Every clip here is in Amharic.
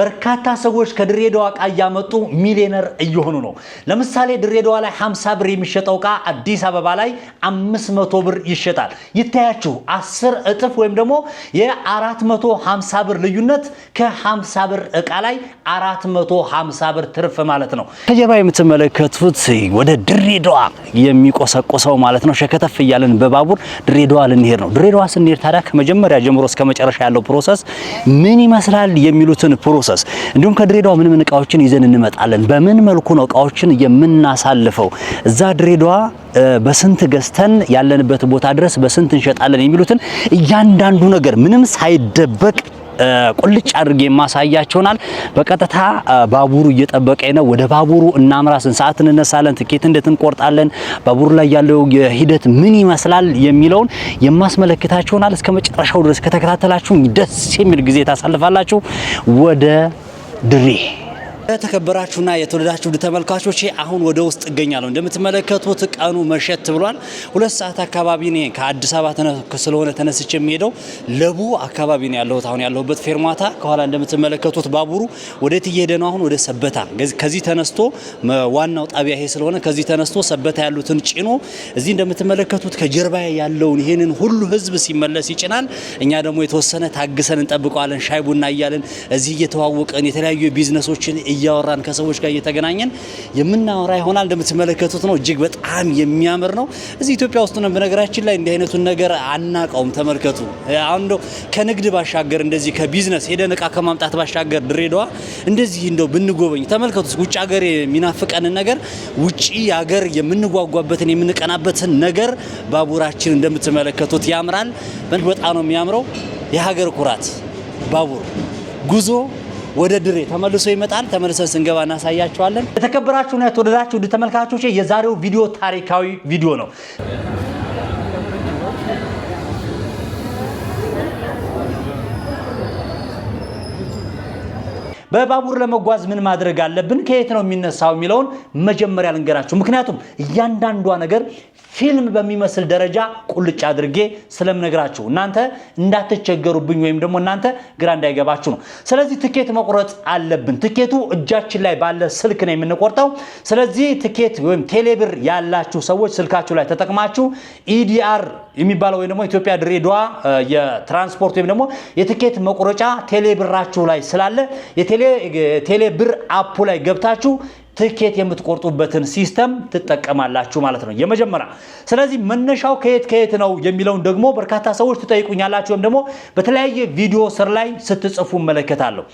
በርካታ ሰዎች ከድሬዳዋ እቃ እያመጡ ሚሊዮነር እየሆኑ ነው። ለምሳሌ ድሬዳዋ ላይ 50 ብር የሚሸጠው እቃ አዲስ አበባ ላይ 500 ብር ይሸጣል። ይታያችሁ 10 እጥፍ ወይም ደግሞ የ450 ብር ልዩነት ከ50 ብር እቃ ላይ 450 ብር ትርፍ ማለት ነው። ከጀርባ የምትመለከቱት ወደ ድሬዳዋ የሚቆሰቆሰው ማለት ነው። ሸከተፍ እያለን በባቡር ድሬዳዋ ልንሄድ ነው። ድሬዳዋ ስንሄድ ታዲያ ከመጀመሪያ ጀምሮ እስከ መጨረሻ ያለው ፕሮሰስ ምን ይመስላል የሚሉትን ፕሮሰስ ፕሮሰስ እንዲሁም ከድሬዳዋ ምን ምን እቃዎችን ይዘን እንመጣለን፣ በምን መልኩ ነው እቃዎችን የምናሳልፈው፣ እዛ ድሬዳዋ በስንት ገዝተን ያለንበት ቦታ ድረስ በስንት እንሸጣለን የሚሉትን እያንዳንዱ ነገር ምንም ሳይደበቅ ቁልጭ አድርጌ የማሳያችሁናል። በቀጥታ ባቡሩ እየጠበቀ ነው። ወደ ባቡሩ እናምራ። ስንት ሰዓት እንነሳለን? ትኬት እንዴት እንቆርጣለን? ባቡሩ ላይ ያለው ሂደት ምን ይመስላል የሚለውን የማስመለክታችሁናል። እስከ መጨረሻው ድረስ ከተከታተላችሁ ደስ የሚል ጊዜ ታሳልፋላችሁ። ወደ ድሬ የተከበራችሁና የተወደዳችሁ ተመልካቾች አሁን ወደ ውስጥ እገኛለሁ። እንደምትመለከቱት ቀኑ መሸት ብሏል። ሁለት ሰዓት አካባቢ ነው ከአዲስ አበባ ስለሆነ ተነስቼ የሚሄደው ለቡ አካባቢ ነው ያለሁት። አሁን ያለሁበት ፌርማታ ከኋላ እንደምትመለከቱት ባቡሩ ወዴት እየሄደ ነው? አሁን ወደ ሰበታ። ከዚህ ተነስቶ ዋናው ጣቢያ ይሄ ስለሆነ ከዚህ ተነስቶ ሰበታ ያሉትን ጭኖ እዚህ እንደምትመለከቱት ከጀርባ ያለውን ይሄንን ሁሉ ህዝብ ሲመለስ ይጭናል። እኛ ደግሞ የተወሰነ ታግሰን እንጠብቀዋለን። ሻይ ቡና እያለን እዚህ እየተዋወቀን የተለያዩ ቢዝነሶችን እያወራን ከሰዎች ጋር እየተገናኘን የምናወራ ይሆናል። እንደምትመለከቱት ነው፣ እጅግ በጣም የሚያምር ነው። እዚህ ኢትዮጵያ ውስጥ ነው በነገራችን ላይ እንዲህ አይነቱን ነገር አናቀውም። ተመልከቱ። አሁን እንደው ከንግድ ባሻገር እንደዚህ ከቢዝነስ ሄደን እቃ ከማምጣት ባሻገር ድሬዳዋ እንደዚህ እንደው ብንጎበኝ ተመልከቱ። ውጭ ሀገር የሚናፍቀንን ነገር ውጭ ሀገር የምንጓጓበትን የምንቀናበትን ነገር ባቡራችን እንደምትመለከቱት ያምራል። በጣም ነው የሚያምረው። የሀገር ኩራት ባቡር ጉዞ ወደ ድሬ ተመልሶ ይመጣል። ተመልሰን ስንገባ እናሳያችኋለን። የተከበራችሁና የተወደዳችሁ ተመልካቾች የዛሬው ቪዲዮ ታሪካዊ ቪዲዮ ነው። በባቡር ለመጓዝ ምን ማድረግ አለብን፣ ከየት ነው የሚነሳው የሚለውን መጀመሪያ ልንገራችሁ። ምክንያቱም እያንዳንዷ ነገር ፊልም በሚመስል ደረጃ ቁልጭ አድርጌ ስለምነግራችሁ እናንተ እንዳትቸገሩብኝ ወይም ደግሞ እናንተ ግራ እንዳይገባችሁ ነው። ስለዚህ ትኬት መቁረጥ አለብን። ትኬቱ እጃችን ላይ ባለ ስልክ ነው የምንቆርጠው። ስለዚህ ትኬት ወይም ቴሌብር ያላችሁ ሰዎች ስልካችሁ ላይ ተጠቅማችሁ ኢዲአር የሚባለው ወይም ደግሞ ኢትዮጵያ ድሬዳዋ የትራንስፖርት ወይም ደግሞ የትኬት መቁረጫ ቴሌብራችሁ ላይ ስላለ ቴሌ ብር አፑ ላይ ገብታችሁ ትኬት የምትቆርጡበትን ሲስተም ትጠቀማላችሁ ማለት ነው። የመጀመሪያ ስለዚህ መነሻው ከየት ከየት ነው የሚለውን ደግሞ በርካታ ሰዎች ትጠይቁኛላችሁ፣ ወይም ደግሞ በተለያየ ቪዲዮ ስር ላይ ስትጽፉ እመለከታለሁ።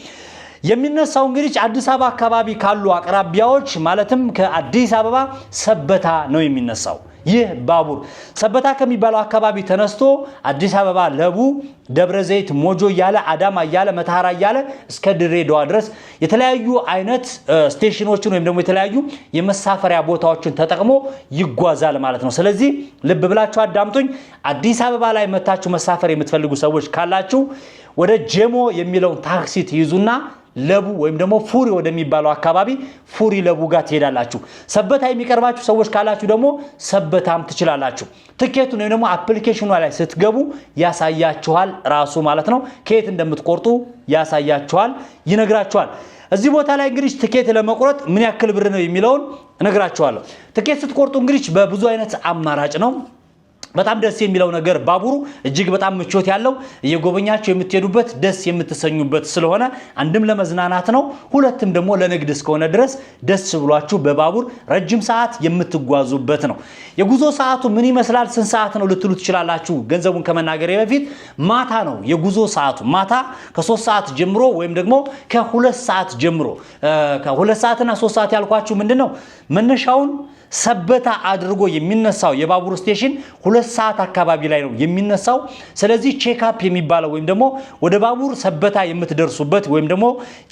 የሚነሳው እንግዲህ አዲስ አበባ አካባቢ ካሉ አቅራቢያዎች ማለትም ከአዲስ አበባ ሰበታ ነው የሚነሳው። ይህ ባቡር ሰበታ ከሚባለው አካባቢ ተነስቶ አዲስ አበባ ለቡ፣ ደብረ ዘይት፣ ሞጆ እያለ አዳማ እያለ መተሃራ እያለ እስከ ድሬዳዋ ድረስ የተለያዩ አይነት ስቴሽኖችን ወይም ደግሞ የተለያዩ የመሳፈሪያ ቦታዎችን ተጠቅሞ ይጓዛል ማለት ነው። ስለዚህ ልብ ብላችሁ አዳምጡኝ። አዲስ አበባ ላይ መታችሁ መሳፈር የምትፈልጉ ሰዎች ካላችሁ ወደ ጄሞ የሚለውን ታክሲ ትይዙና ለቡ ወይም ደግሞ ፉሪ ወደሚባለው አካባቢ ፉሪ ለቡ ጋር ትሄዳላችሁ። ሰበታ የሚቀርባችሁ ሰዎች ካላችሁ ደግሞ ሰበ ልትበታም ትችላላችሁ። ትኬቱን ወይም ደግሞ አፕሊኬሽኗ ላይ ስትገቡ ያሳያችኋል ራሱ ማለት ነው። ከየት እንደምትቆርጡ ያሳያችኋል፣ ይነግራችኋል። እዚህ ቦታ ላይ እንግዲህ ትኬት ለመቁረጥ ምን ያክል ብር ነው የሚለውን እነግራችኋለሁ። ትኬት ስትቆርጡ እንግዲህ በብዙ አይነት አማራጭ ነው በጣም ደስ የሚለው ነገር ባቡሩ እጅግ በጣም ምቾት ያለው እየጎበኛቸው የምትሄዱበት ደስ የምትሰኙበት ስለሆነ አንድም ለመዝናናት ነው፣ ሁለትም ደግሞ ለንግድ እስከሆነ ድረስ ደስ ብሏችሁ በባቡር ረጅም ሰዓት የምትጓዙበት ነው። የጉዞ ሰዓቱ ምን ይመስላል? ስንት ሰዓት ነው ልትሉ ትችላላችሁ። ገንዘቡን ከመናገሬ በፊት ማታ ነው የጉዞ ሰዓቱ። ማታ ከሶስት ሰዓት ጀምሮ ወይም ደግሞ ከሁለት ሰዓት ጀምሮ ከሁለት ሰዓትና ሶስት ሰዓት ያልኳችሁ ምንድን ነው መነሻውን ሰበታ አድርጎ የሚነሳው የባቡር ስቴሽን ሁለት ሰዓት አካባቢ ላይ ነው የሚነሳው። ስለዚህ ቼክአፕ የሚባለው ወይም ደግሞ ወደ ባቡር ሰበታ የምትደርሱበት ወይም ደግሞ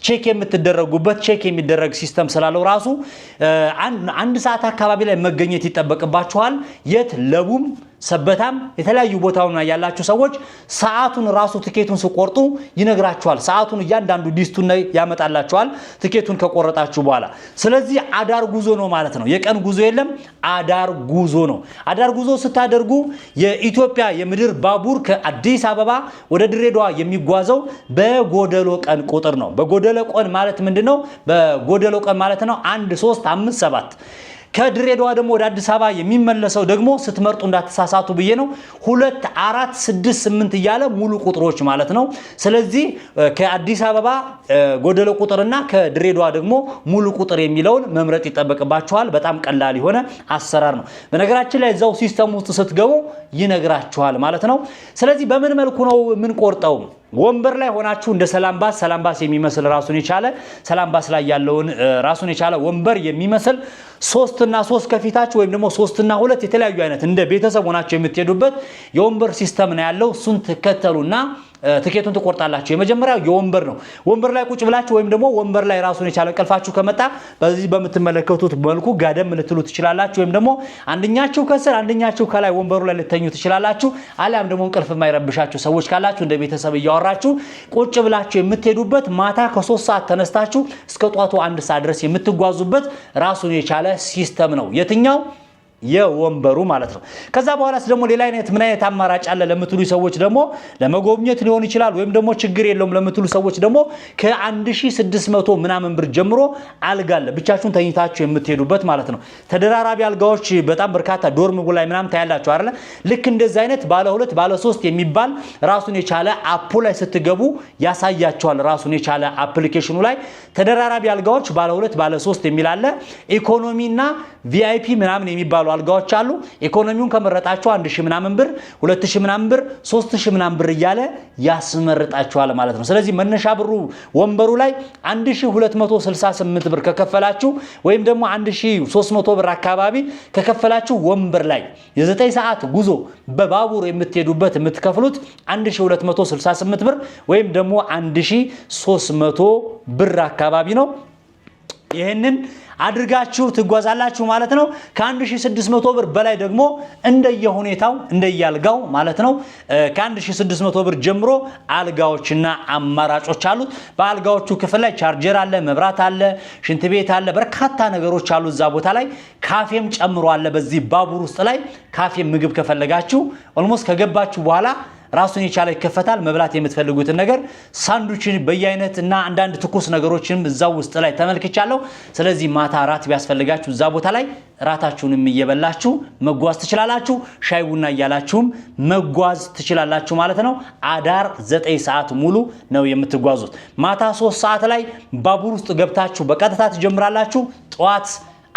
ቼክ የምትደረጉበት ቼክ የሚደረግ ሲስተም ስላለው ራሱ አንድ ሰዓት አካባቢ ላይ መገኘት ይጠበቅባችኋል። የት ለቡም ሰበታም የተለያዩ ቦታውን ያላችሁ ሰዎች ሰዓቱን ራሱ ትኬቱን ስቆርጡ ይነግራችኋል። ሰዓቱን እያንዳንዱ ዲስቱን ያመጣላችኋል ትኬቱን ከቆረጣችሁ በኋላ። ስለዚህ አዳር ጉዞ ነው ማለት ነው። የቀን ጉዞ የለም፣ አዳር ጉዞ ነው። አዳር ጉዞ ስታደርጉ የኢትዮጵያ የምድር ባቡር ከአዲስ አበባ ወደ ድሬዳዋ የሚጓዘው በጎደሎ ቀን ቁጥር ነው። በጎደሎ ቀን ማለት ምንድን ነው? በጎደሎ ቀን ማለት ነው አንድ ሶስት አምስት ሰባት ከድሬዳዋ ደግሞ ወደ አዲስ አበባ የሚመለሰው ደግሞ ስትመርጡ እንዳትሳሳቱ ብዬ ነው። ሁለት አራት ስድስት ስምንት እያለ ሙሉ ቁጥሮች ማለት ነው። ስለዚህ ከአዲስ አበባ ጎደለ ቁጥርና ከድሬዳዋ ደግሞ ሙሉ ቁጥር የሚለውን መምረጥ ይጠበቅባችኋል። በጣም ቀላል የሆነ አሰራር ነው። በነገራችን ላይ እዛው ሲስተም ውስጥ ስትገቡ ይነግራችኋል ማለት ነው። ስለዚህ በምን መልኩ ነው የምንቆርጠው? ወንበር ላይ ሆናችሁ እንደ ሰላም ባስ ሰላም ባስ የሚመስል ራሱን የቻለ ሰላም ባስ ላይ ያለውን ራሱን የቻለ ወንበር የሚመስል ሶስትና ሶስት ከፊታችሁ ወይም ደግሞ ሶስትና ሁለት የተለያዩ አይነት እንደ ቤተሰብ ሆናችሁ የምትሄዱበት የወንበር ሲስተም ነው ያለው። እሱን ትከተሉና ትኬቱን ትቆርጣላችሁ። የመጀመሪያው የወንበር ነው። ወንበር ላይ ቁጭ ብላችሁ ወይም ደግሞ ወንበር ላይ ራሱን የቻለ ቀልፋችሁ ከመጣ በዚህ በምትመለከቱት መልኩ ጋደም ልትሉ ትችላላችሁ። ወይም ደግሞ አንደኛችሁ ከስር አንደኛችሁ ከላይ ወንበሩ ላይ ልተኙ ትችላላችሁ። አሊያም ደግሞ እንቅልፍ የማይረብሻችሁ ሰዎች ካላችሁ እንደ ቤተሰብ እያወራችሁ ቁጭ ብላችሁ የምትሄዱበት ማታ ከሶስት ሰዓት ተነስታችሁ እስከ ጧቱ አንድ ሰዓት ድረስ የምትጓዙበት ራሱን የቻለ ሲስተም ነው የትኛው የወንበሩ ማለት ነው። ከዛ በኋላስ ደግሞ ሌላ አይነት ምን አይነት አማራጭ አለ ለምትሉ ሰዎች ደግሞ ለመጎብኘት ሊሆን ይችላል፣ ወይም ደግሞ ችግር የለውም ለምትሉ ሰዎች ደግሞ ከ1600 ምናምን ብር ጀምሮ አልጋ አለ፣ ብቻችሁን ተኝታችሁ የምትሄዱበት ማለት ነው። ተደራራቢ አልጋዎች በጣም በርካታ ዶርም ላይ ምናምን ታያላችሁ አይደለ? ልክ እንደዚህ አይነት ባለ ሁለት ባለ ሶስት የሚባል ራሱን የቻለ አፑ ላይ ስትገቡ ያሳያቸዋል ራሱን የቻለ አፕሊኬሽኑ ላይ ተደራራቢ አልጋዎች ባለ ሁለት ባለ ሶስት የሚል ኢኮኖሚና ቪአይፒ ምናምን የሚባሉ አልጋዎች አሉ። ኢኮኖሚውን ከመረጣችሁ አንድ ሺህ ምናምን ብር፣ ሁለት ሺህ ምናምን ብር፣ ሶስት ሺህ ምናምን ብር እያለ ያስመርጣችኋል ማለት ነው። ስለዚህ መነሻ ብሩ ወንበሩ ላይ 1268 ብር ከከፈላችሁ ወይም ደግሞ 1300 ብር አካባቢ ከከፈላችሁ ወንበር ላይ የ9 ሰዓት ጉዞ በባቡር የምትሄዱበት የምትከፍሉት 1268 ብር ወይም ደግሞ 1300 ብር አካባቢ ነው። ይህንን አድርጋችሁ ትጓዛላችሁ ማለት ነው። ከ1600 ብር በላይ ደግሞ እንደየሁኔታው እንደየአልጋው ማለት ነው። ከ1600 ብር ጀምሮ አልጋዎችና አማራጮች አሉት። በአልጋዎቹ ክፍል ላይ ቻርጀር አለ፣ መብራት አለ፣ ሽንት ቤት አለ፣ በርካታ ነገሮች አሉ። እዛ ቦታ ላይ ካፌም ጨምሮ አለ። በዚህ ባቡር ውስጥ ላይ ካፌ ምግብ ከፈለጋችሁ ኦልሞስት ከገባችሁ በኋላ ራሱን የቻለ ይከፈታል። መብላት የምትፈልጉትን ነገር ሳንዱችን በየአይነት እና አንዳንድ ትኩስ ነገሮችንም እዛው ውስጥ ላይ ተመልክቻለሁ። ስለዚህ ማታ ራት ቢያስፈልጋችሁ እዛ ቦታ ላይ ራታችሁንም እየበላችሁ መጓዝ ትችላላችሁ። ሻይ ቡና እያላችሁም መጓዝ ትችላላችሁ ማለት ነው። አዳር ዘጠኝ ሰዓት ሙሉ ነው የምትጓዙት። ማታ ሶስት ሰዓት ላይ ባቡር ውስጥ ገብታችሁ በቀጥታ ትጀምራላችሁ። ጠዋት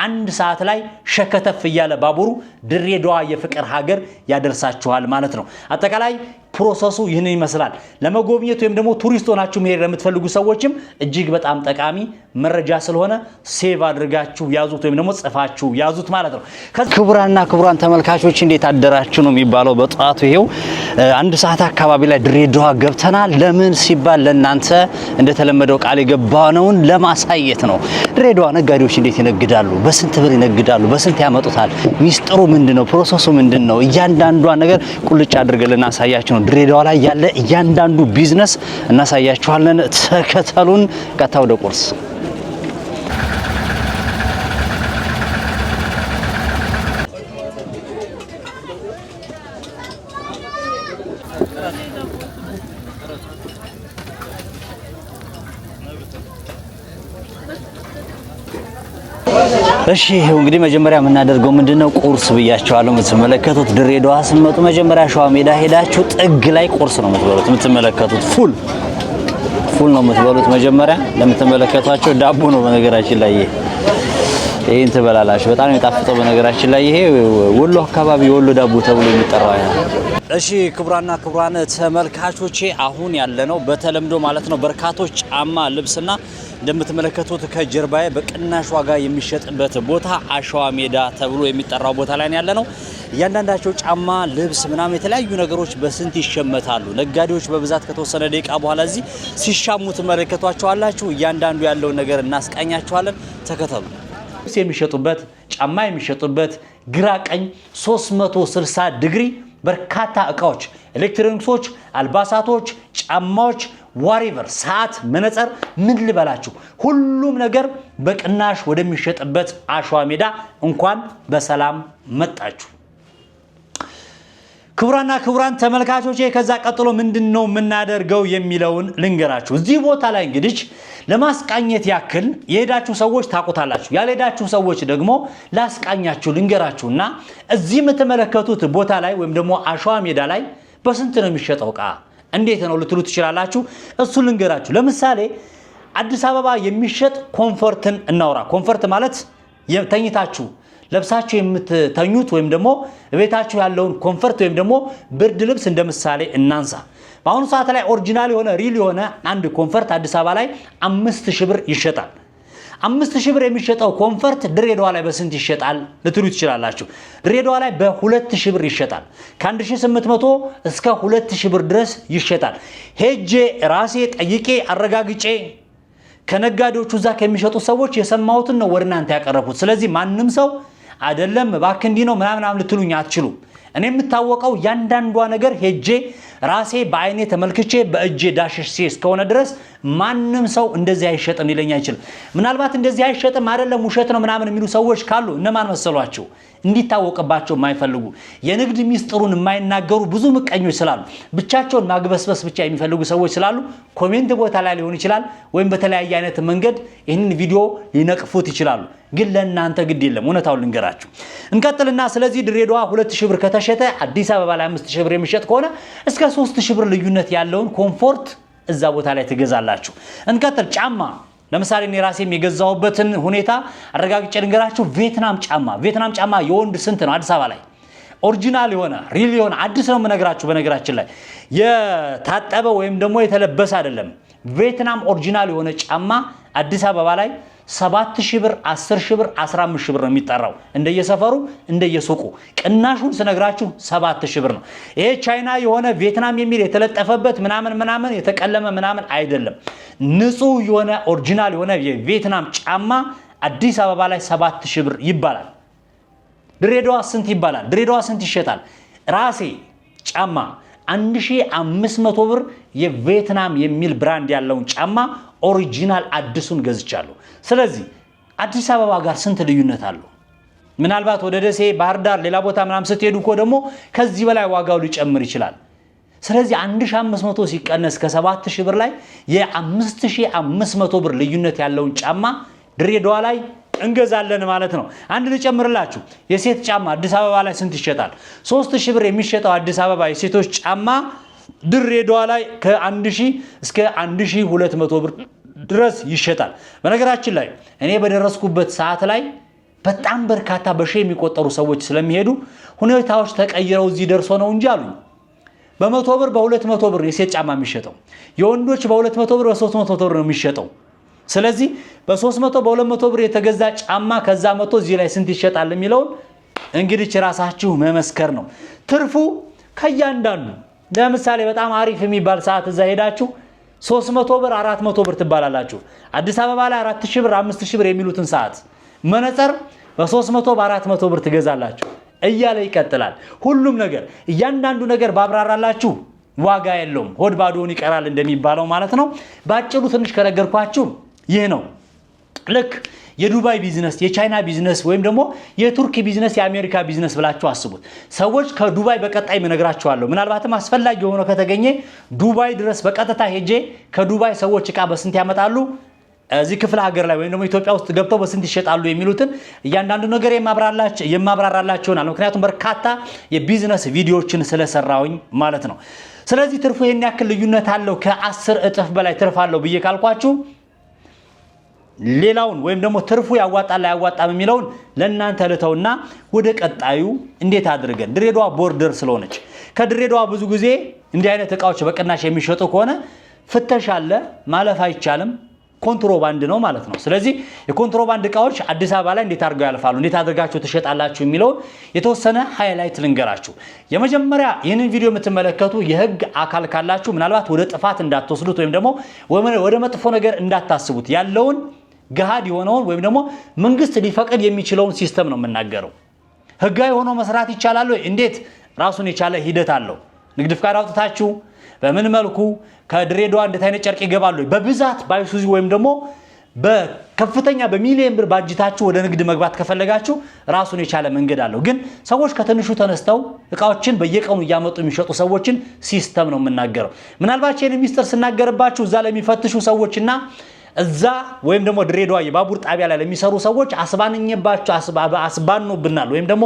አንድ ሰዓት ላይ ሸከተፍ እያለ ባቡሩ ድሬዳዋ የፍቅር ሀገር ያደርሳችኋል ማለት ነው። አጠቃላይ ፕሮሰሱ ይህንን ይመስላል። ለመጎብኘት ወይም ደግሞ ቱሪስት ሆናችሁ መሄድ ለምትፈልጉ ሰዎችም እጅግ በጣም ጠቃሚ መረጃ ስለሆነ ሴቭ አድርጋችሁ ያዙት ወይም ደግሞ ጽፋችሁ ያዙት ማለት ነው። ክቡራንና ክቡራን ተመልካቾች እንዴት አደራችሁ ነው የሚባለው። በጠዋቱ ይሄው አንድ ሰዓት አካባቢ ላይ ድሬዳዋ ገብተናል። ለምን ሲባል ለእናንተ እንደተለመደው ቃል የገባነውን ለማሳየት ነው። ድሬዳዋ ነጋዴዎች እንዴት ይነግዳሉ፣ በስንት ብር ይነግዳሉ፣ በስንት ያመጡታል፣ ሚስጥሩ ምንድን ነው፣ ፕሮሰሱ ምንድን ነው፣ እያንዳንዷ ነገር ቁልጭ አድርገን ልናሳያችሁ ነው። ድሬዳዋ ላይ ያለ እያንዳንዱ ቢዝነስ እናሳያችኋለን። ተከተሉን። ቀጥታ ወደ ቁርስ እሺ እንግዲህ መጀመሪያ የምናደርገው ምንድነው ቁርስ ብያቸዋለሁ። የምትመለከቱት ድሬዳዋ ስመጡ መጀመሪያ ሸዋ ሜዳ ሄዳችሁ ጥግ ላይ ቁርስ ነው የምትበሉት። የምትመለከቱት ፉል ፉል ነው የምትበሉት። መጀመሪያ ለምትመለከቷቸው ዳቦ ነው። በነገራችን ላይ ይሄን ትበላላችሁ። በጣም የጣፍጠው በነገራችን ላይ ይሄ ወሎ አካባቢ የወሎ ዳቦ ተብሎ የሚጠራው ያ እሺ ክቡራና ክቡራን ተመልካቾቼ አሁን ያለ ነው በተለምዶ ማለት ነው በርካቶች ጫማ ልብስና እንደምትመለከቱት ከጀርባዬ በቅናሽ ዋጋ የሚሸጥበት ቦታ አሸዋ ሜዳ ተብሎ የሚጠራው ቦታ ላይ ያለ ነው። እያንዳንዳቸው ጫማ፣ ልብስ፣ ምናምን የተለያዩ ነገሮች በስንት ይሸመታሉ። ነጋዴዎች በብዛት ከተወሰነ ደቂቃ በኋላ እዚህ ሲሻሙ ትመለከቷቸዋላችሁ። እያንዳንዱ ያለውን ነገር እናስቃኛችኋለን። ተከተሉ። ልብስ የሚሸጡበት ጫማ የሚሸጡበት ግራ ቀኝ 360 ዲግሪ በርካታ እቃዎች፣ ኤሌክትሮኒክሶች፣ አልባሳቶች፣ ጫማዎች ዋሪቨር ሰዓት፣ መነጸር፣ ምን ልበላችሁ ሁሉም ነገር በቅናሽ ወደሚሸጥበት አሸዋ ሜዳ እንኳን በሰላም መጣችሁ። ክቡራና ክቡራን ተመልካቾቼ ከዛ ቀጥሎ ምንድን ነው የምናደርገው የሚለውን ልንገራችሁ። እዚህ ቦታ ላይ እንግዲህ ለማስቃኘት ያክል የሄዳችሁ ሰዎች ታውቁታላችሁ፣ ያልሄዳችሁ ሰዎች ደግሞ ላስቃኛችሁ ልንገራችሁና እዚህ የምትመለከቱት ቦታ ላይ ወይም ደግሞ አሸዋ ሜዳ ላይ በስንት ነው የሚሸጠው እቃ? እንዴት ነው ልትሉ ትችላላችሁ። እሱን ልንገራችሁ። ለምሳሌ አዲስ አበባ የሚሸጥ ኮንፈርትን እናውራ። ኮንፈርት ማለት ተኝታችሁ ለብሳችሁ የምትተኙት ወይም ደግሞ ቤታችሁ ያለውን ኮንፈርት ወይም ደግሞ ብርድ ልብስ እንደ ምሳሌ እናንሳ። በአሁኑ ሰዓት ላይ ኦሪጂናል የሆነ ሪል የሆነ አንድ ኮንፈርት አዲስ አበባ ላይ አምስት ሺህ ብር ይሸጣል። አምስት ሺህ ብር የሚሸጠው ኮንፈርት ድሬዳዋ ላይ በስንት ይሸጣል ልትሉ ትችላላችሁ። ድሬዳዋ ላይ በሁለት ሺህ ብር ይሸጣል። ከ1800 እስከ ሁለት ሺህ ብር ድረስ ይሸጣል። ሄጄ ራሴ ጠይቄ አረጋግጬ ከነጋዴዎቹ እዛ ከሚሸጡ ሰዎች የሰማሁትን ነው ወደ እናንተ ያቀረብኩት። ስለዚህ ማንም ሰው አይደለም እባክህ እንዲህ ነው ምናምናም ልትሉኝ አትችሉም። እኔ የምታወቀው ያንዳንዷ ነገር ሄጄ ራሴ በአይኔ ተመልክቼ በእጄ ዳሽሼ እስከሆነ ድረስ ማንም ሰው እንደዚህ አይሸጥም ሊለኝ አይችልም። ምናልባት እንደዚህ አይሸጥም አይደለም ውሸት ነው ምናምን የሚሉ ሰዎች ካሉ እነማን መሰሏቸው? እንዲታወቅባቸው የማይፈልጉ የንግድ ሚስጥሩን የማይናገሩ ብዙ ምቀኞች ስላሉ ብቻቸውን ማግበስበስ ብቻ የሚፈልጉ ሰዎች ስላሉ ኮሜንት ቦታ ላይ ሊሆን ይችላል፣ ወይም በተለያየ አይነት መንገድ ይህንን ቪዲዮ ሊነቅፉት ይችላሉ። ግን ለእናንተ ግድ የለም። እውነታውን ልንገራችሁ እንቀጥልና፣ ስለዚህ ድሬዳዋ ሁለት ሺህ ብር ከተሸጠ አዲስ አበባ ላይ አምስት ሺህ ብር የሚሸጥ ከሆነ እስከ ሶስት ሺህ ብር ልዩነት ያለውን ኮምፎርት እዛ ቦታ ላይ ትገዛላችሁ። እንቀጥል ጫማ ለምሳሌ እኔ ራሴም የገዛሁበትን ሁኔታ አረጋግጬ ልንገራችሁ። ቪየትናም ጫማ ቪየትናም ጫማ የወንድ ስንት ነው? አዲስ አበባ ላይ ኦሪጂናል የሆነ ሪል የሆነ አዲስ ነው የምነግራችሁ። በነገራችን ላይ የታጠበ ወይም ደግሞ የተለበሰ አይደለም። ቪየትናም ኦሪጂናል የሆነ ጫማ አዲስ አበባ ላይ 7000 ብር፣ 10000 ብር፣ 15000 ብር ነው የሚጠራው እንደየሰፈሩ እንደየሱቁ። ቅናሹን ስነግራችሁ 7000 ብር ነው። ይሄ ቻይና የሆነ ቪየትናም የሚል የተለጠፈበት ምናምን ምናምን የተቀለመ ምናምን አይደለም። ንጹህ የሆነ ኦሪጂናል የሆነ የቪየትናም ጫማ አዲስ አበባ ላይ ሰባት ሺህ ብር ይባላል። ድሬዳዋ ስንት ይባላል? ድሬዳዋ ስንት ይሸጣል? ራሴ ጫማ 1500 ብር የቬትናም የሚል ብራንድ ያለውን ጫማ ኦሪጂናል አዲሱን ገዝቻለሁ። ስለዚህ አዲስ አበባ ጋር ስንት ልዩነት አለው? ምናልባት ወደ ደሴ፣ ባህር ዳር፣ ሌላ ቦታ ምናምን ስትሄዱ እኮ ደግሞ ከዚህ በላይ ዋጋው ሊጨምር ይችላል። ስለዚህ 1500 ሲቀነስ ከ7000 ብር ላይ የ5500 ብር ልዩነት ያለውን ጫማ ድሬዳዋ ላይ እንገዛለን ማለት ነው። አንድ ልጨምርላችሁ፣ የሴት ጫማ አዲስ አበባ ላይ ስንት ይሸጣል? 3000 ብር የሚሸጠው አዲስ አበባ የሴቶች ጫማ ድሬዳዋ ላይ ከ1000 እስከ 1200 ብር ድረስ ይሸጣል። በነገራችን ላይ እኔ በደረስኩበት ሰዓት ላይ በጣም በርካታ በሺ የሚቆጠሩ ሰዎች ስለሚሄዱ ሁኔታዎች ተቀይረው እዚህ ደርሶ ነው እንጂ አሉኝ። በመቶ ብር በሁለት መቶ ብር የሴት ጫማ የሚሸጠው የወንዶች በሁለት መቶ ብር በሶስት መቶ ብር ነው የሚሸጠው። ስለዚህ በሶስት መቶ በሁለት መቶ ብር የተገዛ ጫማ ከዛ መቶ እዚህ ላይ ስንት ይሸጣል የሚለውን እንግዲህ ራሳችሁ መመስከር ነው። ትርፉ ከእያንዳንዱ ለምሳሌ በጣም አሪፍ የሚባል ሰዓት እዛ ሄዳችሁ 300 ብር 400 ብር ትባላላችሁ። አዲስ አበባ ላይ 4000 ብር 5000 ብር የሚሉትን ሰዓት መነጽር በ300 በ400 ብር ትገዛላችሁ። እያለ ይቀጥላል። ሁሉም ነገር እያንዳንዱ ነገር ባብራራላችሁ ዋጋ የለውም፣ ሆድ ባዶውን ይቀራል እንደሚባለው ማለት ነው። በአጭሩ ትንሽ ከነገርኳችሁ ይህ ነው። ልክ የዱባይ ቢዝነስ፣ የቻይና ቢዝነስ ወይም ደግሞ የቱርክ ቢዝነስ፣ የአሜሪካ ቢዝነስ ብላችሁ አስቡት። ሰዎች ከዱባይ በቀጣይ እነግራችኋለሁ። ምናልባትም አስፈላጊ የሆነ ከተገኘ ዱባይ ድረስ በቀጥታ ሄጄ ከዱባይ ሰዎች እቃ በስንት ያመጣሉ እዚህ ክፍለ ሀገር ላይ ወይም ደግሞ ኢትዮጵያ ውስጥ ገብተው በስንት ይሸጣሉ የሚሉትን እያንዳንዱ ነገር የማብራራላችሁ ይሆናል። ምክንያቱም በርካታ የቢዝነስ ቪዲዮዎችን ስለሰራውኝ ማለት ነው። ስለዚህ ትርፉ ይህን ያክል ልዩነት አለው ከአስር እጥፍ በላይ ትርፍ አለው ብዬ ካልኳችሁ ሌላውን ወይም ደግሞ ትርፉ ያዋጣል አያዋጣም የሚለውን ለእናንተ ልተውና ወደ ቀጣዩ እንዴት አድርገን ድሬዳዋ ቦርደር ስለሆነች ከድሬዳዋ ብዙ ጊዜ እንዲህ አይነት እቃዎች በቅናሽ የሚሸጡ ከሆነ ፍተሻ አለ፣ ማለፍ አይቻልም። ኮንትሮባንድ ነው ማለት ነው። ስለዚህ የኮንትሮባንድ እቃዎች አዲስ አበባ ላይ እንዴት አድርገው ያልፋሉ፣ እንዴት አድርጋችሁ ትሸጣላችሁ የሚለውን የተወሰነ ሃይላይት ልንገራችሁ። የመጀመሪያ ይህንን ቪዲዮ የምትመለከቱ የህግ አካል ካላችሁ ምናልባት ወደ ጥፋት እንዳትወስዱት ወይም ደግሞ ወደ መጥፎ ነገር እንዳታስቡት ያለውን ገሃድ የሆነውን ወይም ደግሞ መንግስት ሊፈቅድ የሚችለውን ሲስተም ነው የምናገረው። ህጋዊ ሆኖ መስራት ይቻላል ወይ? እንዴት ራሱን የቻለ ሂደት አለው። ንግድ ፍቃድ አውጥታችሁ በምን መልኩ ከድሬዳዋ እንደት አይነት ጨርቅ ይገባሉ? በብዛት ባይሱዚ ወይም ደግሞ በከፍተኛ በሚሊዮን ብር ባጅታችሁ ወደ ንግድ መግባት ከፈለጋችሁ ራሱን የቻለ መንገድ አለው። ግን ሰዎች ከትንሹ ተነስተው እቃዎችን በየቀኑ እያመጡ የሚሸጡ ሰዎችን ሲስተም ነው የምናገረው። ምናልባት ይህን ሚስጥር ስናገርባችሁ እዛ ለሚፈትሹ ሰዎችና እዛ ወይም ደግሞ ድሬዳዋ የባቡር ጣቢያ ላይ ለሚሰሩ ሰዎች አስባንኝባቸው አስባኖብናል ወይም ደግሞ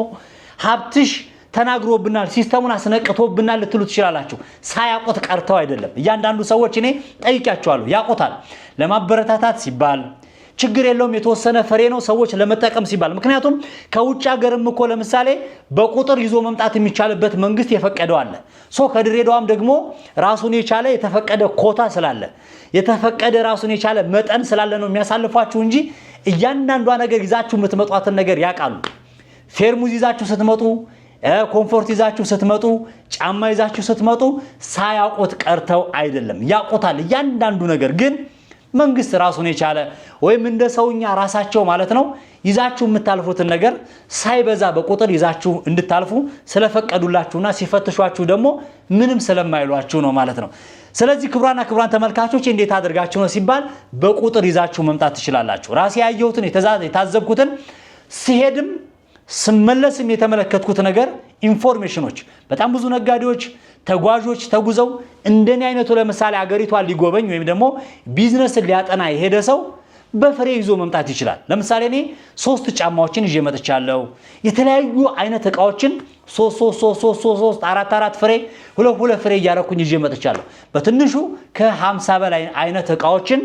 ሀብትሽ ተናግሮብናል፣ ሲስተሙን አስነቅቶብናል ልትሉ ትችላላችሁ። ሳያውቁት ቀርተው አይደለም። እያንዳንዱ ሰዎች እኔ ጠይቂያቸዋለሁ፣ ያውቁታል። ለማበረታታት ሲባል ችግር የለውም የተወሰነ ፍሬ ነው ሰዎች ለመጠቀም ሲባል። ምክንያቱም ከውጭ ሀገርም እኮ ለምሳሌ በቁጥር ይዞ መምጣት የሚቻልበት መንግስት የፈቀደው አለ። ሶ ከድሬዳዋም ደግሞ ራሱን የቻለ የተፈቀደ ኮታ ስላለ የተፈቀደ ራሱን የቻለ መጠን ስላለ ነው የሚያሳልፏችሁ እንጂ እያንዳንዷ ነገር ይዛችሁ የምትመጧትን ነገር ያውቃሉ። ፌርሙዝ ይዛችሁ ስትመጡ ኮምፎርት ይዛችሁ ስትመጡ ጫማ ይዛችሁ ስትመጡ ሳያውቁት ቀርተው አይደለም፣ ያውቁታል። እያንዳንዱ ነገር ግን መንግስት ራሱን የቻለ ወይም እንደ ሰውኛ ራሳቸው ማለት ነው ይዛችሁ የምታልፉትን ነገር ሳይበዛ በቁጥር ይዛችሁ እንድታልፉ ስለፈቀዱላችሁና ሲፈትሿችሁ ደግሞ ምንም ስለማይሏችሁ ነው ማለት ነው። ስለዚህ ክቡራና ክቡራን ተመልካቾች እንዴት አድርጋችሁ ነው ሲባል በቁጥር ይዛችሁ መምጣት ትችላላችሁ። ራሴ ያየሁትን የታዘብኩትን ሲሄድም ስመለስም የተመለከትኩት ነገር ኢንፎርሜሽኖች በጣም ብዙ ነጋዴዎች፣ ተጓዦች ተጉዘው እንደኔ አይነቱ ለምሳሌ አገሪቷን ሊጎበኝ ወይም ደግሞ ቢዝነስን ሊያጠና የሄደ ሰው በፍሬ ይዞ መምጣት ይችላል። ለምሳሌ እኔ ሶስት ጫማዎችን ይዤ መጥቻለሁ። የተለያዩ አይነት እቃዎችን ሶስት አራት አራት ፍሬ ሁለት ሁለት ፍሬ እያረኩኝ ይዤ መጥቻለሁ። በትንሹ ከሀምሳ በላይ አይነት እቃዎችን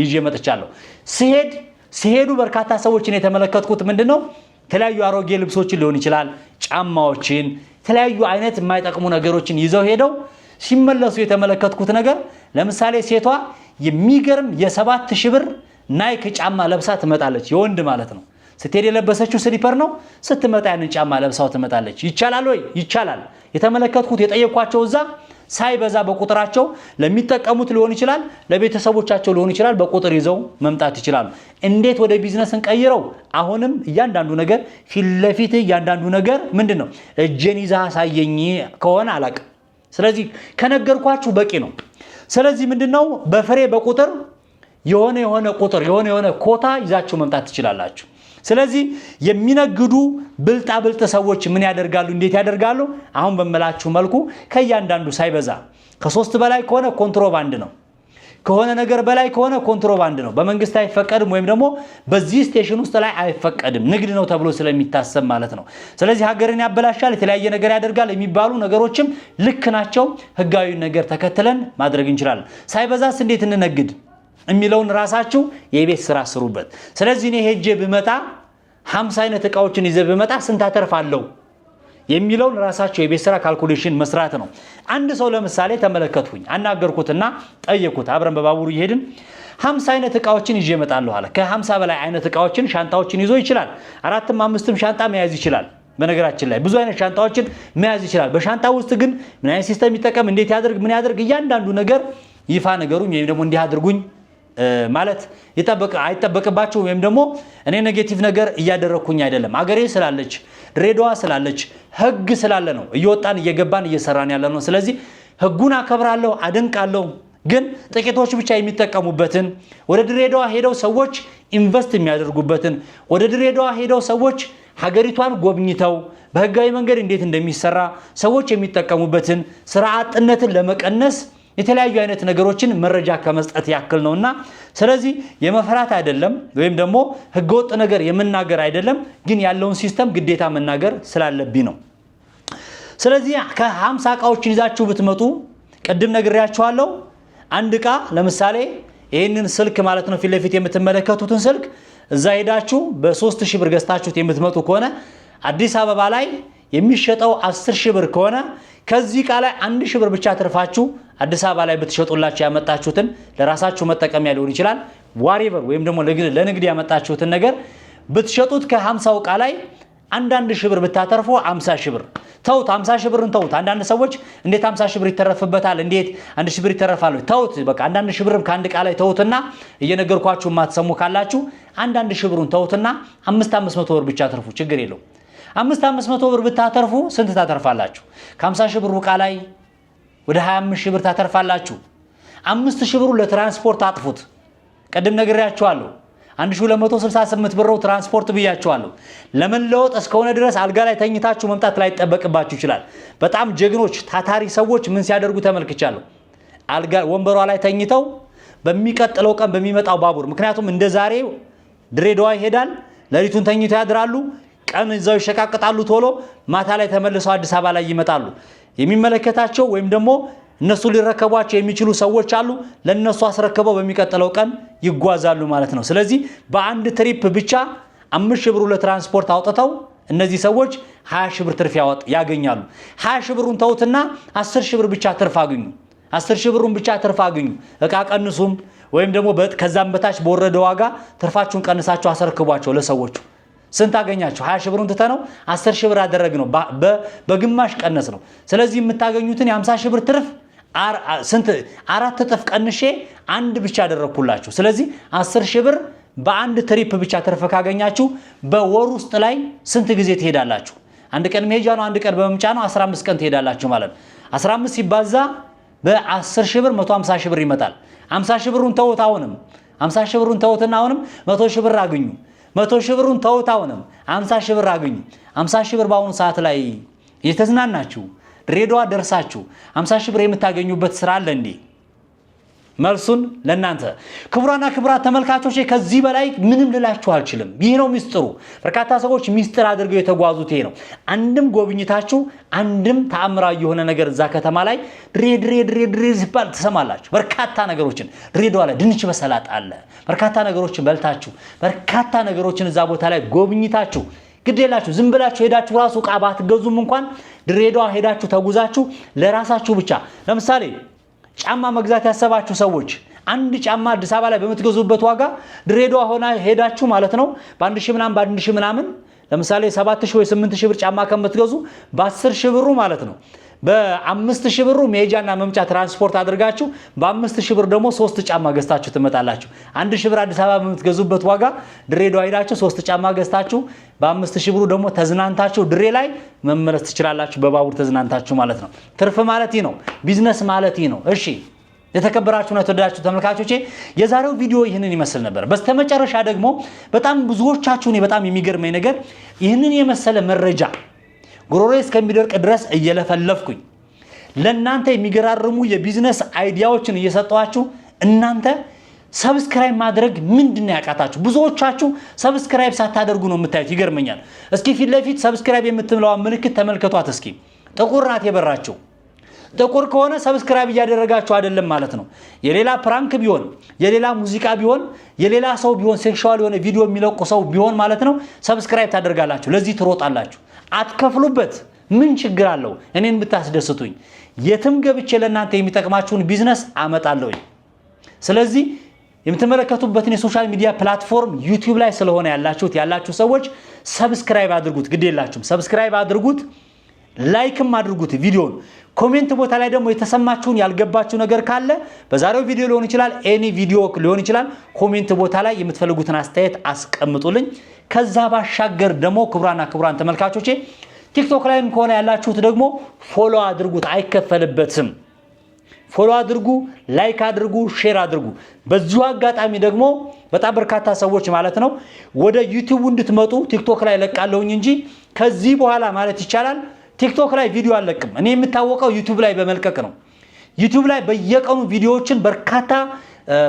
ይዤ መጥቻለሁ። ሲሄድ ሲሄዱ በርካታ ሰዎችን የተመለከትኩት ምንድን ነው የተለያዩ አሮጌ ልብሶችን ሊሆን ይችላል፣ ጫማዎችን፣ የተለያዩ አይነት የማይጠቅሙ ነገሮችን ይዘው ሄደው ሲመለሱ የተመለከትኩት ነገር ለምሳሌ ሴቷ የሚገርም የሰባት ሺህ ብር ናይክ ጫማ ለብሳ ትመጣለች። የወንድ ማለት ነው። ስትሄድ የለበሰችው ስሊፐር ነው። ስትመጣ ያንን ጫማ ለብሳው ትመጣለች። ይቻላል ወይ? ይቻላል። የተመለከትኩት የጠየኳቸው እዛ ሳይበዛ በቁጥራቸው ለሚጠቀሙት ሊሆን ይችላል፣ ለቤተሰቦቻቸው ሊሆን ይችላል። በቁጥር ይዘው መምጣት ይችላሉ። እንዴት ወደ ቢዝነስ እንቀይረው? አሁንም እያንዳንዱ ነገር ፊትለፊት እያንዳንዱ ነገር ምንድን ነው እጄን ይዛ አሳየኝ ከሆነ አላቅም። ስለዚህ ከነገርኳችሁ በቂ ነው። ስለዚህ ምንድን ነው በፍሬ በቁጥር የሆነ የሆነ ቁጥር የሆነ የሆነ ኮታ ይዛችሁ መምጣት ትችላላችሁ። ስለዚህ የሚነግዱ ብልጣ ብልጥ ሰዎች ምን ያደርጋሉ? እንዴት ያደርጋሉ? አሁን በምላችሁ መልኩ ከእያንዳንዱ ሳይበዛ ከሶስት በላይ ከሆነ ኮንትሮባንድ ነው። ከሆነ ነገር በላይ ከሆነ ኮንትሮባንድ ነው። በመንግስት አይፈቀድም፣ ወይም ደግሞ በዚህ ስቴሽን ውስጥ ላይ አይፈቀድም፣ ንግድ ነው ተብሎ ስለሚታሰብ ማለት ነው። ስለዚህ ሀገርን ያበላሻል፣ የተለያየ ነገር ያደርጋል የሚባሉ ነገሮችም ልክ ናቸው። ህጋዊ ነገር ተከትለን ማድረግ እንችላለን። ሳይበዛስ እንዴት እንነግድ የሚለውን ራሳችሁ የቤት ስራ ስሩበት። ስለዚህ እኔ ሄጄ ብመጣ 50 አይነት እቃዎችን ይዘ ብመጣ ስንት አተርፋለሁ የሚለውን ራሳቸው የቤት ስራ ካልኩሌሽን መስራት ነው። አንድ ሰው ለምሳሌ ተመለከትኩኝ አናገርኩትና ጠየኩት። አብረን በባቡሩ እየሄድን 50 አይነት እቃዎችን ይዤ እመጣለሁ አለ። ከ50 በላይ አይነት እቃዎችን ሻንጣዎችን ይዞ ይችላል። አራትም አምስትም ሻንጣ መያዝ ይችላል። በነገራችን ላይ ብዙ አይነት ሻንጣዎችን መያዝ ይችላል። በሻንጣ ውስጥ ግን ምን አይነት ሲስተም ይጠቀም፣ እንዴት ያድርግ፣ ምን ያድርግ፣ እያንዳንዱ ነገር ይፋ ነገሩኝ ወይም ደግሞ እንዲህ አድርጉኝ ማለት አይጠበቅባቸው ወይም ደግሞ እኔ ኔጌቲቭ ነገር እያደረግኩኝ አይደለም። አገሬ ስላለች ድሬዳዋ ስላለች ህግ ስላለ ነው እየወጣን እየገባን እየሰራን ያለ ነው። ስለዚህ ህጉን አከብራለሁ፣ አደንቃለሁ። ግን ጥቂቶች ብቻ የሚጠቀሙበትን ወደ ድሬዳዋ ሄደው ሰዎች ኢንቨስት የሚያደርጉበትን ወደ ድሬዳዋ ሄደው ሰዎች ሀገሪቷን ጎብኝተው በህጋዊ መንገድ እንዴት እንደሚሰራ ሰዎች የሚጠቀሙበትን ስራ አጥነትን ለመቀነስ የተለያዩ አይነት ነገሮችን መረጃ ከመስጠት ያክል ነውና፣ ስለዚህ የመፍራት አይደለም ወይም ደግሞ ህገወጥ ነገር የመናገር አይደለም፣ ግን ያለውን ሲስተም ግዴታ መናገር ስላለብኝ ነው። ስለዚህ ከሀምሳ እቃዎችን ይዛችሁ ብትመጡ ቅድም ነግሬያችኋለሁ። አንድ እቃ ለምሳሌ ይህንን ስልክ ማለት ነው፣ ፊትለፊት የምትመለከቱትን ስልክ እዛ ሄዳችሁ በሶስት ሺህ ብር ገዝታችሁት የምትመጡ ከሆነ አዲስ አበባ ላይ የሚሸጠው አስር ሺህ ብር ከሆነ ከዚህ እቃ ላይ አንድ ሺህ ብር ብቻ ትርፋችሁ አዲስ አበባ ላይ ብትሸጡላችሁ ያመጣችሁትን ለራሳችሁ መጠቀሚያ ሊሆን ይችላል ዋሪቨር ወይም ደግሞ ለንግድ ያመጣችሁትን ነገር ብትሸጡት ከ50 ላይ አንዳንድ ሺህ ብር ብታተርፎ 50 ሺህ ብር ተውት። 50 ሺህ ብርን ተውት። አንዳንድ ሰዎች እንዴት 50 ሺህ ብር ይተረፍበታል? እንዴት አንድ ሺህ ብር ይተረፋል? ተውት። በቃ አንዳንድ ሺህ ብርም ከአንድ ዕቃ ላይ ተውትና እየነገርኳችሁ ማትሰሙ ካላችሁ አንዳንድ ሺህ ብሩን ተውትና 5 500 ብር ብቻ ተርፉ፣ ችግር የለው። 5 500 ብር ብታተርፉ ስንት ታተርፋላችሁ? ከ50 ሺህ ብሩ ላይ ወደ 25 ሺህ ብር ታተርፋላችሁ። አምስት ሺህ ብሩ ለትራንስፖርት አጥፉት። ቅድም ነግሬያችኋለሁ። 1268 ብር ትራንስፖርት ብያችኋለሁ። ለመለወጥ እስከሆነ ድረስ አልጋ ላይ ተኝታችሁ መምጣት ላይጠበቅባችሁ ይችላል። በጣም ጀግኖች ታታሪ ሰዎች ምን ሲያደርጉ ተመልክቻለሁ። አልጋ ወንበሯ ላይ ተኝተው በሚቀጥለው ቀን በሚመጣው ባቡር፣ ምክንያቱም እንደ ዛሬ ድሬዳዋ ይሄዳል። ሌሊቱን ተኝተው ያድራሉ። ቀን እዛው ይሸቃቅጣሉ። ቶሎ ማታ ላይ ተመልሰው አዲስ አበባ ላይ ይመጣሉ። የሚመለከታቸው ወይም ደግሞ እነሱ ሊረከቧቸው የሚችሉ ሰዎች አሉ። ለነሱ አስረክበው በሚቀጥለው ቀን ይጓዛሉ ማለት ነው። ስለዚህ በአንድ ትሪፕ ብቻ አምስት ሺህ ለትራንስፖርት አውጥተው እነዚህ ሰዎች ሀያ ሺህ ብር ትርፍ ያወጥ ያገኛሉ። ሀያ ሺህ ብሩን ተውትና አስር ሺህ ብር ብቻ ትርፍ አገኙ። አስር ሺህ ብሩን ብቻ ትርፍ አግኙ። እቃ ቀንሱም ወይም ደግሞ ከዛም በታች በወረደ ዋጋ ትርፋችሁን ቀንሳችሁ አስረክቧቸው ለሰዎቹ። ስንት አገኛችሁ? 20 ሺህ ብሩን ትተ ነው 10 ሺህ ብር አደረግ ነው፣ በግማሽ ቀነስ ነው። ስለዚህ የምታገኙትን የ50 ሺህ ብር ትርፍ ስንት አራት እጥፍ ቀንሼ አንድ ብቻ አደረግኩላችሁ። ስለዚህ 10 ሺህ ብር በአንድ ትሪፕ ብቻ ትርፍ ካገኛችሁ በወር ውስጥ ላይ ስንት ጊዜ ትሄዳላችሁ? አንድ ቀን መሄጃ ነው፣ አንድ ቀን በመምጫ ነው። 15 ቀን ትሄዳላችሁ ማለት ነው። 15 ሲባዛ በ10 ሺህ ብር 150 ሺህ ብር ይመጣል። 50 ሺህ ብሩን ተውት። አሁንም 50 ሺህ ብሩን ተውትና አሁንም 100 ሺህ ብር አግኙ። መቶ ሺህ ብሩን ተውት፣ አሁንም አምሳ ሺህ ብር አግኙ። አምሳ ሺህ ብር በአሁኑ ሰዓት ላይ እየተዝናናችሁ ድሬዳዋ ደርሳችሁ አምሳ ሺህ ብር የምታገኙበት ስራ አለ እንዴ? መልሱን ለእናንተ ክቡራና ክቡራት ተመልካቾች፣ ከዚህ በላይ ምንም ልላችሁ አልችልም። ይህ ነው ሚስጥሩ። በርካታ ሰዎች ሚስጥር አድርገው የተጓዙት ይሄ ነው። አንድም ጎብኝታችሁ አንድም ተአምራዊ የሆነ ነገር እዛ ከተማ ላይ ድሬ ድሬ ድሬ ድሬ ሲባል ትሰማላችሁ። በርካታ ነገሮችን ድሬዳዋ ላይ ድንች በሰላጥ አለ። በርካታ ነገሮችን በልታችሁ በርካታ ነገሮችን እዛ ቦታ ላይ ጎብኝታችሁ የላችሁ ዝም ብላችሁ ሄዳችሁ ራሱ ዕቃ ባትገዙም እንኳን ድሬዳዋ ሄዳችሁ ተጉዛችሁ ለራሳችሁ ብቻ ለምሳሌ ጫማ መግዛት ያሰባችሁ ሰዎች አንድ ጫማ አዲስ አበባ ላይ በምትገዙበት ዋጋ ድሬዳዋ ሆና ሄዳችሁ ማለት ነው በአንድ ሺህ ምናምን በአንድ ሺህ ምናምን ለምሳሌ ሰባት ሺህ ወይ ስምንት ሺህ ብር ጫማ ከምትገዙ በአስር ሺህ ብሩ ማለት ነው በአምስት ሺህ ብሩ መሄጃና መምጫ ትራንስፖርት አድርጋችሁ በአምስት ሺህ ብር ደግሞ ሶስት ጫማ ገዝታችሁ ትመጣላችሁ። አንድ ሺህ ብር አዲስ አበባ በምትገዙበት ዋጋ ድሬዳዋ ሄዳችሁ ሶስት ጫማ ገዝታችሁ በአምስት ሺህ ብሩ ደግሞ ተዝናንታችሁ ድሬ ላይ መመለስ ትችላላችሁ፣ በባቡር ተዝናንታችሁ ማለት ነው። ትርፍ ማለት ይህ ነው። ቢዝነስ ማለት ይህ ነው። እሺ የተከበራችሁና የተወደዳችሁ ተመልካቾቼ የዛሬው ቪዲዮ ይህንን ይመስል ነበር። በስተመጨረሻ ደግሞ በጣም ብዙዎቻችሁ እኔ በጣም የሚገርመኝ ነገር ይህንን የመሰለ መረጃ ጉሮሮ እስከሚደርቅ ድረስ እየለፈለፍኩኝ ለእናንተ የሚገራርሙ የቢዝነስ አይዲያዎችን እየሰጠኋችሁ እናንተ ሰብስክራይብ ማድረግ ምንድን ነው ያቃታችሁ? ብዙዎቻችሁ ሰብስክራይብ ሳታደርጉ ነው የምታዩት። ይገርመኛል። እስኪ ፊት ለፊት ሰብስክራይብ የምትምለዋ ምልክት ተመልከቷት እስኪ። ጥቁር ናት የበራችው። ጥቁር ከሆነ ሰብስክራይብ እያደረጋችሁ አይደለም ማለት ነው። የሌላ ፕራንክ ቢሆን የሌላ ሙዚቃ ቢሆን የሌላ ሰው ቢሆን ሴክሽዋል የሆነ ቪዲዮ የሚለቁ ሰው ቢሆን ማለት ነው ሰብስክራይብ ታደርጋላችሁ፣ ለዚህ ትሮጣላችሁ። አትከፍሉበት። ምን ችግር አለው? እኔን ብታስደስቱኝ፣ የትም ገብቼ ለእናንተ የሚጠቅማችሁን ቢዝነስ አመጣለሁኝ። ስለዚህ የምትመለከቱበትን የሶሻል ሚዲያ ፕላትፎርም ዩቲዩብ ላይ ስለሆነ ያላችሁት ያላችሁ ሰዎች ሰብስክራይብ አድርጉት። ግድ የላችሁም፣ ሰብስክራይብ አድርጉት፣ ላይክም አድርጉት ቪዲዮን። ኮሜንት ቦታ ላይ ደግሞ የተሰማችሁን ያልገባችሁ ነገር ካለ በዛሬው ቪዲዮ ሊሆን ይችላል፣ ኤኒ ቪዲዮ ሊሆን ይችላል። ኮሜንት ቦታ ላይ የምትፈልጉትን አስተያየት አስቀምጡልኝ። ከዛ ባሻገር ደግሞ ክቡራና ክቡራን ተመልካቾቼ ቲክቶክ ላይም ከሆነ ያላችሁት ደግሞ ፎሎ አድርጉት፣ አይከፈልበትም። ፎሎ አድርጉ፣ ላይክ አድርጉ፣ ሼር አድርጉ። በዚሁ አጋጣሚ ደግሞ በጣም በርካታ ሰዎች ማለት ነው ወደ ዩቲዩብ እንድትመጡ ቲክቶክ ላይ ለቃለሁኝ እንጂ ከዚህ በኋላ ማለት ይቻላል ቲክቶክ ላይ ቪዲዮ አለቅም። እኔ የምታወቀው ዩቲዩብ ላይ በመልቀቅ ነው። ዩቲዩብ ላይ በየቀኑ ቪዲዮዎችን በርካታ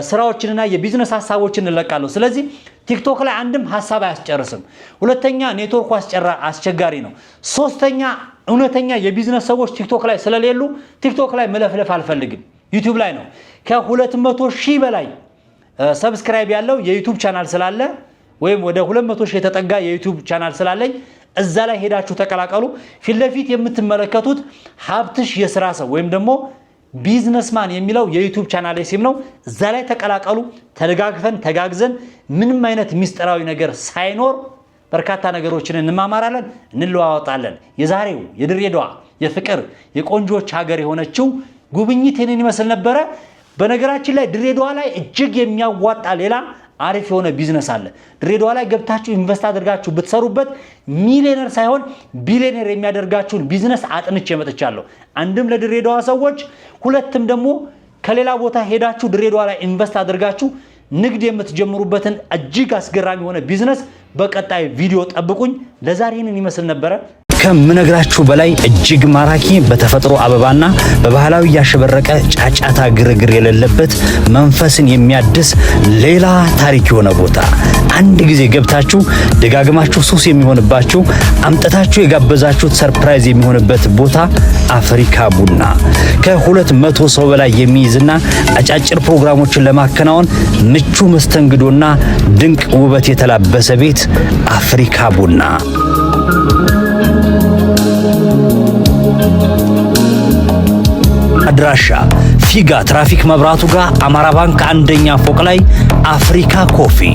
ስራዎችንና የቢዝነስ ሀሳቦችን እለቃለሁ። ስለዚህ ቲክቶክ ላይ አንድም ሀሳብ አያስጨርስም። ሁለተኛ ኔትወርኩ አስቸጋሪ ነው። ሶስተኛ እውነተኛ የቢዝነስ ሰዎች ቲክቶክ ላይ ስለሌሉ ቲክቶክ ላይ መለፍለፍ አልፈልግም። ዩቲዩብ ላይ ነው ከሁለት መቶ ሺህ በላይ ሰብስክራይብ ያለው የዩቲዩብ ቻናል ስላለ ወይም ወደ 200 ሺህ የተጠጋ የዩቲዩብ ቻናል ስላለኝ እዛ ላይ ሄዳችሁ ተቀላቀሉ። ፊት ለፊት የምትመለከቱት ሀብትሽ የስራ ሰው ወይም ደግሞ ቢዝነስማን የሚለው የዩቱብ ቻናል ስም ነው። እዛ ላይ ተቀላቀሉ። ተደጋግፈን ተጋግዘን ምንም አይነት ሚስጥራዊ ነገር ሳይኖር በርካታ ነገሮችን እንማማራለን፣ እንለዋወጣለን። የዛሬው የድሬዳዋ የፍቅር የቆንጆች ሀገር የሆነችው ጉብኝት ይህንን ይመስል ነበረ። በነገራችን ላይ ድሬዳዋ ላይ እጅግ የሚያዋጣ ሌላ አሪፍ የሆነ ቢዝነስ አለ። ድሬዳዋ ላይ ገብታችሁ ኢንቨስት አድርጋችሁ ብትሰሩበት ሚሊዮነር ሳይሆን ቢሊዮነር የሚያደርጋችሁን ቢዝነስ አጥንቼ መጥቻለሁ። አንድም ለድሬዳዋ ሰዎች፣ ሁለትም ደግሞ ከሌላ ቦታ ሄዳችሁ ድሬዳዋ ላይ ኢንቨስት አድርጋችሁ ንግድ የምትጀምሩበትን እጅግ አስገራሚ የሆነ ቢዝነስ በቀጣይ ቪዲዮ ጠብቁኝ። ለዛሬ ይህንን ይመስል ነበረ። ከምነግራችሁ በላይ እጅግ ማራኪ በተፈጥሮ አበባና በባህላዊ ያሸበረቀ ጫጫታ ግርግር የሌለበት መንፈስን የሚያድስ ሌላ ታሪክ የሆነ ቦታ አንድ ጊዜ ገብታችሁ ደጋግማችሁ ሱስ የሚሆንባችሁ አምጠታችሁ የጋበዛችሁት ሰርፕራይዝ የሚሆንበት ቦታ አፍሪካ ቡና ከሁለት መቶ ሰው በላይ የሚይዝና አጫጭር ፕሮግራሞችን ለማከናወን ምቹ መስተንግዶና ድንቅ ውበት የተላበሰ ቤት አፍሪካ ቡና አድራሻ ፊጋ ትራፊክ መብራቱ ጋር አማራ ባንክ አንደኛ ፎቅ ላይ አፍሪካ ኮፊ